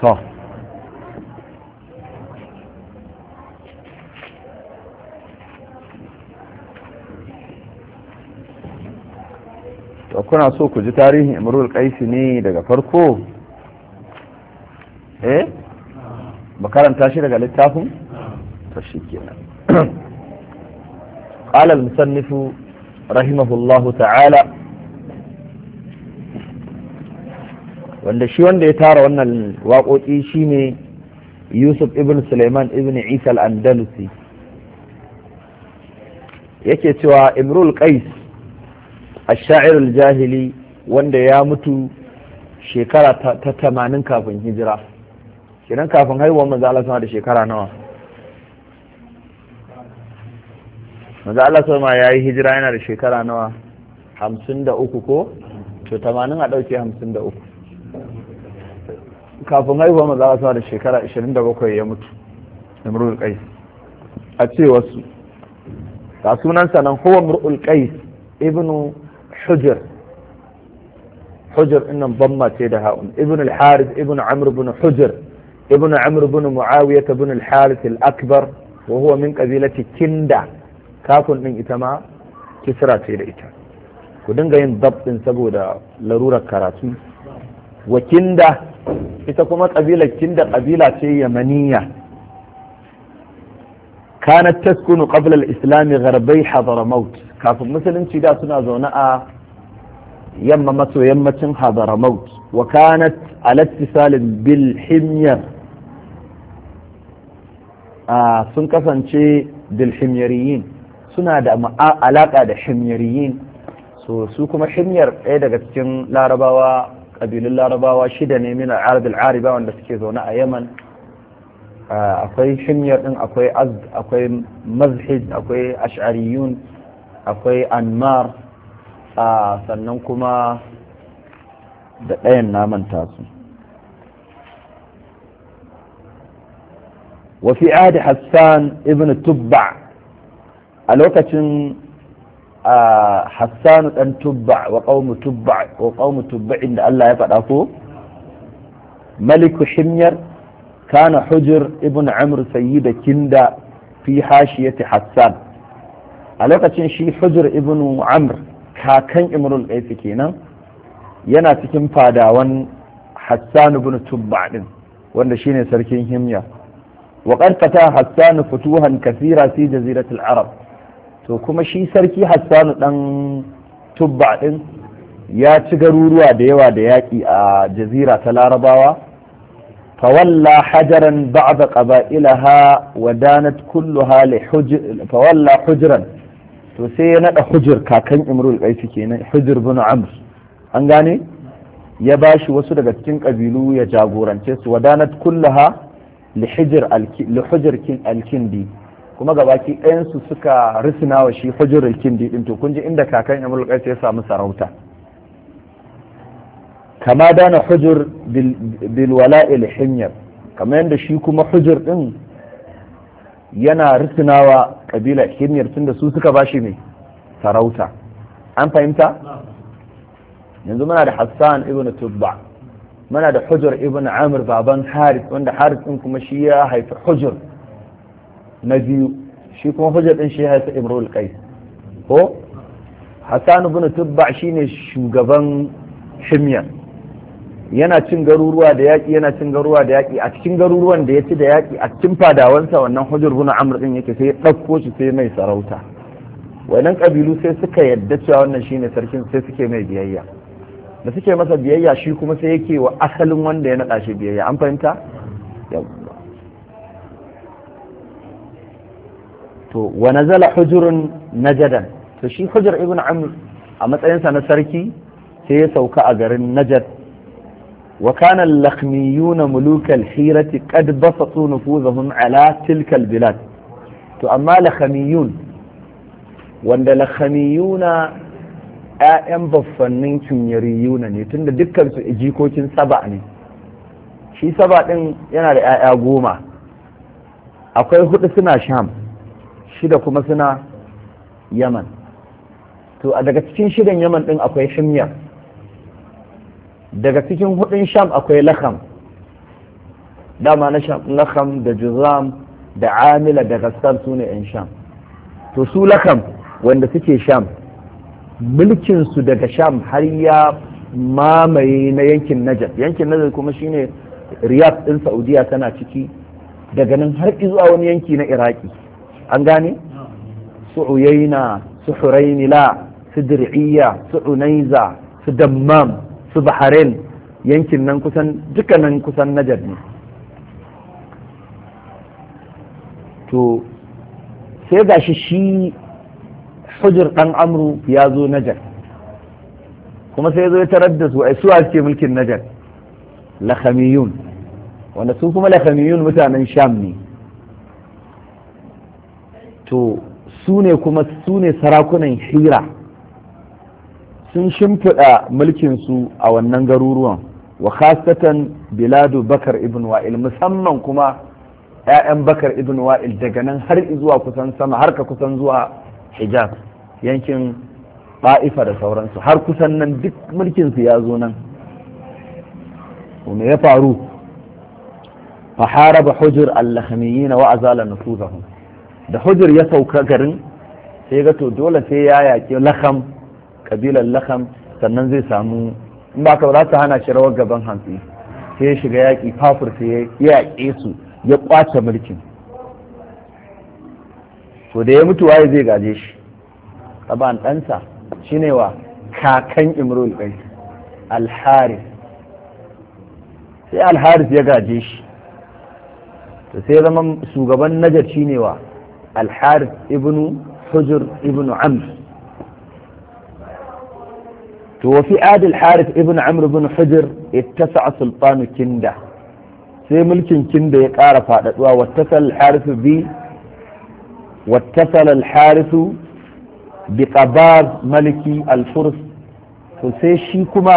to to kuna so ku ji tarihin imrul qaisi ne daga farko eh makaranta shi daga littafin to kenan قال المصنف رحمه الله تعالى wanda shi wanda ya tara wannan waƙoƙi shi ne yusuf ibn suleiman ibn isa al-andalusi yake cewa imrul qais ash-sha'ir al-jahili wanda ya mutu shekara ta tamanin kafin hijira kenan kafin haihuwa manzo Allah sama da shekara nawa manzo Allah sama ya yi hijira yana da shekara nawa hamsin da uku ko to tamanin a ɗauke hamsin da uku kafin haihuwa maza a da shekara 27 ya mutu imrul qais a ce wasu ga sunansa nan huwa imrul qais ibn hujr hujr innan bamma ce da ha'un ibn al-harith ibn amr ibn hujr ibn amr ibn muawiyah ibn al-harith al-akbar wa huwa min qabilati kinda kafin din ita ma kisra ce da ita ku dinga yin dab din saboda larurar karatu wa kinda ita kuma ƙabilar kinda ƙabila ce yamaniya kanat taskunu qabla al-islam gharbai hadramaut kafin musulunci da suna zaune a yamma maso yammacin hadramaut wa kanat ala ittisalin bil himyar sun kasance bil himyariyin suna da alaka da himyariyin so su kuma himyar ɗaya daga cikin larabawa ƙabilun larabawa shida ne min al'arab al'ariba wanda suke zaune a yaman akwai shimyar din akwai azd akwai mazhid akwai ash'ariyun akwai anmar sannan kuma da ɗayan naman tasu wafi adi hassan ibn tubba a lokacin hassanu ɗan tubba wa ƙaumu tubba inda Allah ya faɗa ko maliku himyar kana hujir ibn amr sayyida kinda fi hashiyati hassan a lokacin shi hujir ibn amr kakan imrul qais kenan yana cikin fadawan Hassanu ibn tubba din wanda shine sarkin himya wa qad fata hassan futuhan kathira fi jaziratil arab to kuma shi sarki hassanu ɗan tubba ɗin ya ci garuruwa da yawa da yaƙi a jazira ta larabawa fawalla hajaran ba'da qaba'ilaha wa danat kulluha li hujr fawalla hujran to sai ya nada hujr kakan imrul qaisi kenan hujr bin amr an gane ya bashi wasu daga cikin kabilu ya jagorance su wa danat kulluha li hujr al-kindi kuma gabaki ɗayansu suka risina wa shi hujjar kindi ɗin to kun ji inda kakan imrul qais ya samu sarauta kama dana hujjar bil wala'il hinyar kamar yadda shi kuma hujjar ɗin yana risinawa kabila tun tunda su suka ba shi ne sarauta an fahimta yanzu muna da hassan ibn tubba muna da hujjar ibn amir baban haris wanda haris ɗin kuma shi ya haifi hujur na biyu shi kuma hujjar din shi haifa imrul kai ko hassan ibn tubba shine shugaban shimya yana cin garuruwa da yaƙi yana cin garuruwa da yaƙi a cikin garuruwan da ya ci da yaƙi a cikin fadawansa wannan hujjar bin amr yake sai ya ɗauko shi sai mai sarauta wannan kabilu sai suka yadda cewa wannan shine sarkin sai suke mai biyayya da suke masa biyayya shi kuma sai yake wa asalin wanda ya naɗa shi biyayya an fahimta to wa nazala hujurun najadan to shi hujur ibn amr a matsayinsa na sarki sai ya sauka a garin najad wa kana al-lakhmiyuna muluk al-hirati qad basatu nufuzahum ala tilka al-bilad to amma lakhamiyun wanda lakhamiyuna ƴaƴan baffannin kinyariyuna ne tunda dukkan su jikokin saba ne shi saba din yana da ƴaƴa goma akwai hudu suna sham shida kuma suna yaman to a daga cikin shidan yaman din akwai shimya daga cikin hudun sham akwai laham dama na sham laham da juzam da amila da gassar su ne 'yan sham to su lakam wanda suke sham mulkinsu daga sham har ya mamaye na yankin najaf yankin najaf kuma shine riyadh din saudiya tana ciki daga nan har zuwa wani yanki na iraki an gane su suurainila su hurainila su dir'iyya su su dammam su bahrain yankin nan kusan dukkanin kusan najar ne to sai gashi shi hujjar ɗan amru ya zo najar kuma sai zo ya tarar da su ai suwa suke mulkin najar lakhamiyun wanda su kuma lakhamiyun mutanen sham ne to su ne kuma su ne sarakunan hira sun shimfiɗa mulkinsu a wannan garuruwan wa khasatan biladu bakar ibn wa'il musamman kuma 'ya'yan bakar ibn wa'il daga nan har zuwa kusan sama har ka kusan zuwa hijab yankin ba'ifa da sauransu har kusan nan duk mulkinsu ya zo nan ya faru fa haraba hujur al-lahmiyyin wa azala nufuzahum da hujjar ya sauka garin sai ga to dole sai ya yaƙi laham kabilar laham sannan zai samu in ba ka za ta hana shi rawar gaban hantsi sai ya shiga yaƙi fafur sai ya yaƙe su ya ƙwace mulkin to da ya mutu waye zai gaje shi taban ɗansa shine wa kakan imrul ɗai alharis sai alharis ya gaje shi to sai zama shugaban najar shine wa alharis ibnu hujur ibnu amr to wa fi adil ibnu amr ibnu hujur ittasa sultanu kinda sai mulkin kinda ya ƙara faɗaɗuwa wattasal alharisu bi wattasal maliki alfurs to sai shi kuma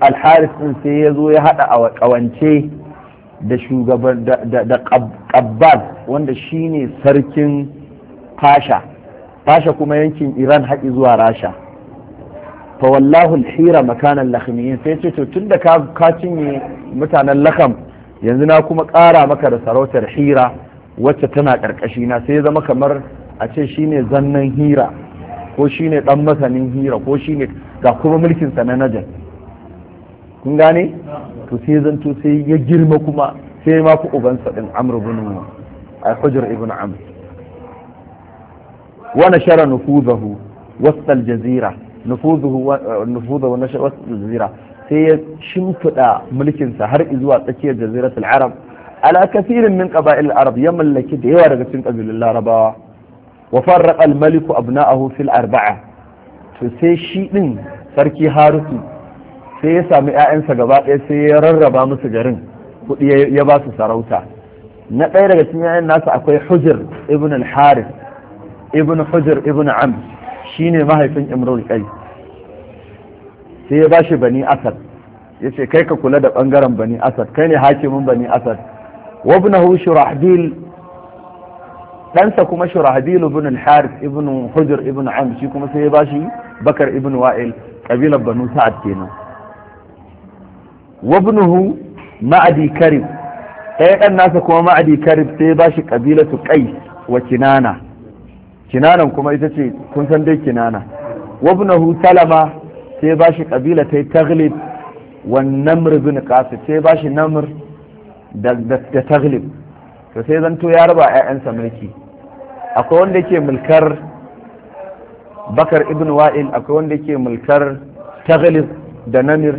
alharis din sai ya zo ya haɗa a ƙawance da shugaban da ƙabbal wanda shine sarkin fasha fasha kuma yankin iran haƙi zuwa rasha fa wallahu hira makanan lakhmiyin sai ce to tunda ka ka cinye mutanen lakam yanzu na kuma ƙara maka da sarautar hira wacce tana ƙarƙashi na sai zama kamar a ce shine zannan hira ko shine dan masanin hira ko shine ga kuma mulkin sa na najar kun gane to sai zanto sai ya girma kuma sai ma ku ubansa din amr ibn al-hujr ibn amr wa nashara nufuzahu wasta al-jazira nufuzuhu nufuzuhu nashara wasta al-jazira sai ya shimfida mulkin sa har zuwa tsakiyar jaziratul arab ala kathirin min qaba'il arab ya mallaki da yawa daga cikin kabilun larabawa wa farraqa al-maliku abna'ahu fil arba'a to sai shi din sarki harusi. sai ya sami 'ya'yansa gaba ɗaya sai ya rarraba musu garin kuɗi ya ba su sarauta na ɗaya daga cikin 'ya'yan nasa akwai hujir ibn al-harith ibn hujir ibn am shine mahaifin imrul kai sai ya bashi bani asad ya ce kai ka kula da ɓangaren bani asad kai ne hakimin bani asad wabnahu shurahdil ɗansa kuma shurahdil ibn al-harith ibn hujir ibn am shi kuma sai ya bashi bakar ibn wa'il kabilar banu sa'ad kenan wabnuhu ma'adi karib ɗaya ɗan nasa kuma ma'adi karib sai ba shi ƙabila su kai wa kinana kinanan kuma ita ce kun san dai kinana Wabnuhu salama sai ba shi ƙabila ta yi taglib wa namr bin qasid sai ba shi namr da taglib to sai zanto ya raba ƴaƴansa mulki akwai wanda yake mulkar bakar ibn wa'il akwai wanda yake mulkar taglib da namir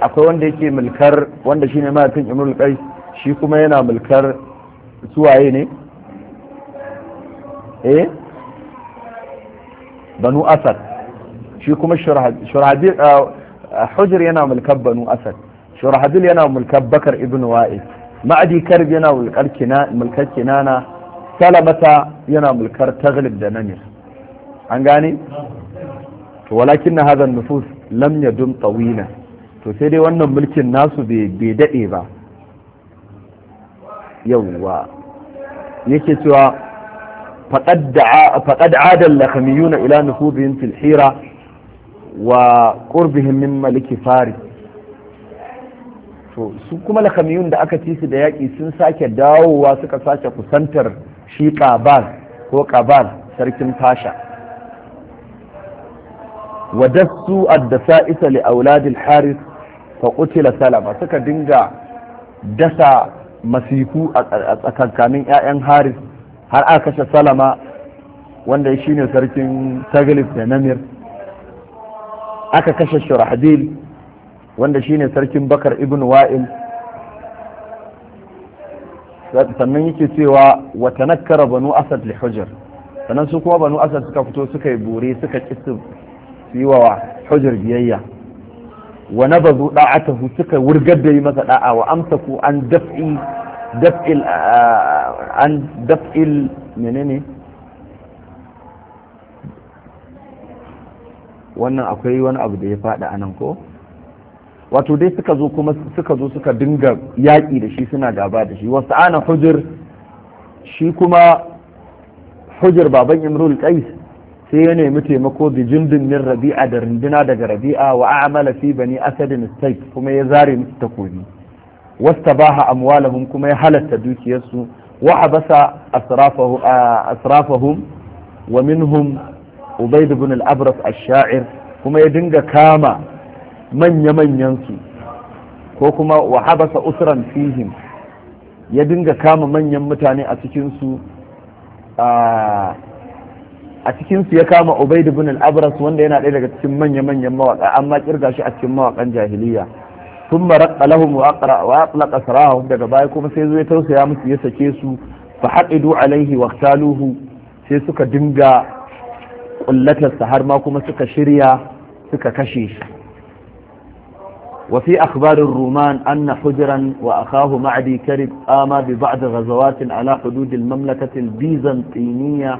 akwai wanda yake mulkar wanda shine mahaifin imrul kai shi kuma yana mulkar suwaye ne eh banu asad shi kuma shurahadil hujr yana mulkar banu asad shurahadil yana mulkar bakar ibn wa'id ma'adi karb yana mulkar kina mulkar kinana salamata yana mulkar taglib da namir an gane to walakin hadha an nufus lam yadum tawila to sai dai wannan mulkin nasu bai daɗe ba yawwa yake cewa faƙad adal lakamiyuna ila nufubihim fil wa qurbihim min maliki fari to su kuma lakamiyun da aka ci su da yaƙi sun sake dawowa suka sake kusantar shi ƙabal ko ƙabal sarkin fasha ودسوا li auladil haris. fa qutila salama suka dinga dasa masifu a tsakankanin 'ya'yan haris har aka kashe salama wanda shi ne sarkin taglif da namir aka kashe shurahbil wanda shi ne sarkin bakar ibn wa'il sannan yake cewa wata nakkara banu asad li hujjar sannan su kuma banu asad suka fito suka yi bore suka ƙi su yi wa hujjar biyayya wa nabazu da'atahu suka wurgar da yi masa da'a wa amsaku an daf'i daf'il an daf'il menene wannan akwai wani abu da ya faɗa anan ko wato dai suka zo kuma suka zo suka dinga yaƙi da shi suna gaba da shi wasu ana hujir shi kuma hujir baban imrul qais sai ya nemi taimako bi jindin min rabi'a da rinduna daga rabi'a wa a'mala fi bani asadin sayf kuma ya zare musu takobi wastabaha amwalahum kuma ya halatta dukiyarsu wa abasa asrafahum wa minhum ubayd ibn al-abras ash-sha'ir kuma ya dinga kama manya manyan su ko kuma wa habasa usran fihim ya dinga kama manyan mutane a cikin su a cikinsu ya kama Ubaid ibn al-Abras wanda yana ɗaya daga cikin manya-manyan mawaka amma kirga shi a cikin mawakan jahiliya tun رق لهم واقرا واطلق سراهم daga baya kuma sai zai tausaya musu ya sake su fa haqidu alaihi waqtaluhu sai suka dinga kullatar sa har ma kuma suka shirya suka kashe shi wa fi ruman anna hujran wa akahu ma'di karib ama bi ba'd ghazawat ala hudud al-mamlakah al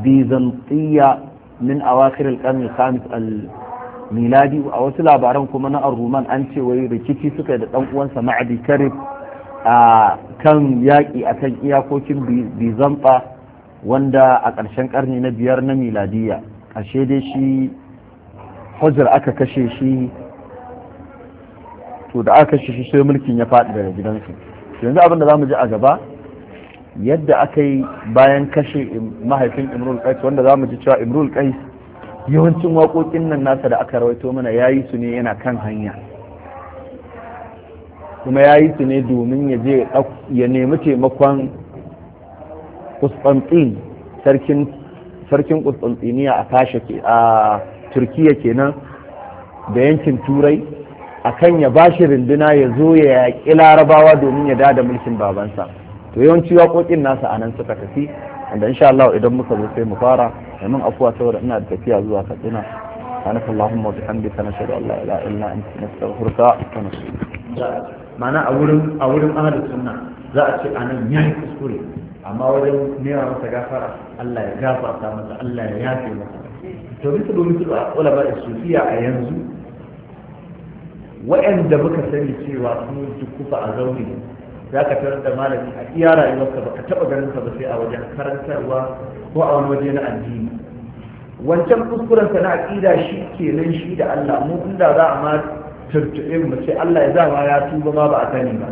bizantiya min awakhir al-qarn al-khamis al-miladi a wasu labaran kuma na ar-ruman an ce wai rikici suka da dan uwansa ma'adi karib a kan yaƙi a kan iyakokin bizanta wanda a ƙarshen ƙarni na biyar na miladiya ƙarshe dai shi hujjar aka kashe shi to da aka kashe shi sai mulkin ya faɗi daga gidansu yanzu abin da za mu ji a gaba yadda aka yi bayan kashe mahaifin imrul qais wanda za mu ji cewa imrul qais yawancin waƙoƙin nan nasa da aka rawaito mana ya yi su ne yana kan hanya kuma ya yi su ne domin ya je ya nemi taimakon kusantin sarkin kusantiniya a fashe a turkiya kenan da yankin turai a kan ya bashi rinduna ya zo ya yaƙi larabawa domin ya da mulkin babansa to yawanci waƙoƙin nasa a nan suka tafi inda insha Allah idan muka zo sai mu fara domin afuwa saboda ina da tafiya zuwa Katsina سبحانك اللهم وبحمدك نشهد ان لا اله الا انت نستغفرك ونتوب ma'ana a wurin a wurin ahlus sunna za a ce anan yayi kuskure amma wajen nema masa gafara Allah ya gafarta masa Allah ya yafe masa to bisa domin su ulama da sufiya a yanzu waɗanda muka sani cewa sun kufa a zaune za ka tarar da malami a iya rayuwarka ba ka taɓa ganin ka ba sai a wajen karantarwa ko a wani waje na addini wancan kuskuren sa na aƙida shi kenan shi da Allah mu inda za a ma tuntuɓe mu sai Allah ya zama ya tuba ma ba a sani ba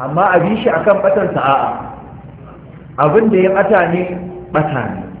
amma a bi shi akan batan a'a abin da ya bata ne bata ne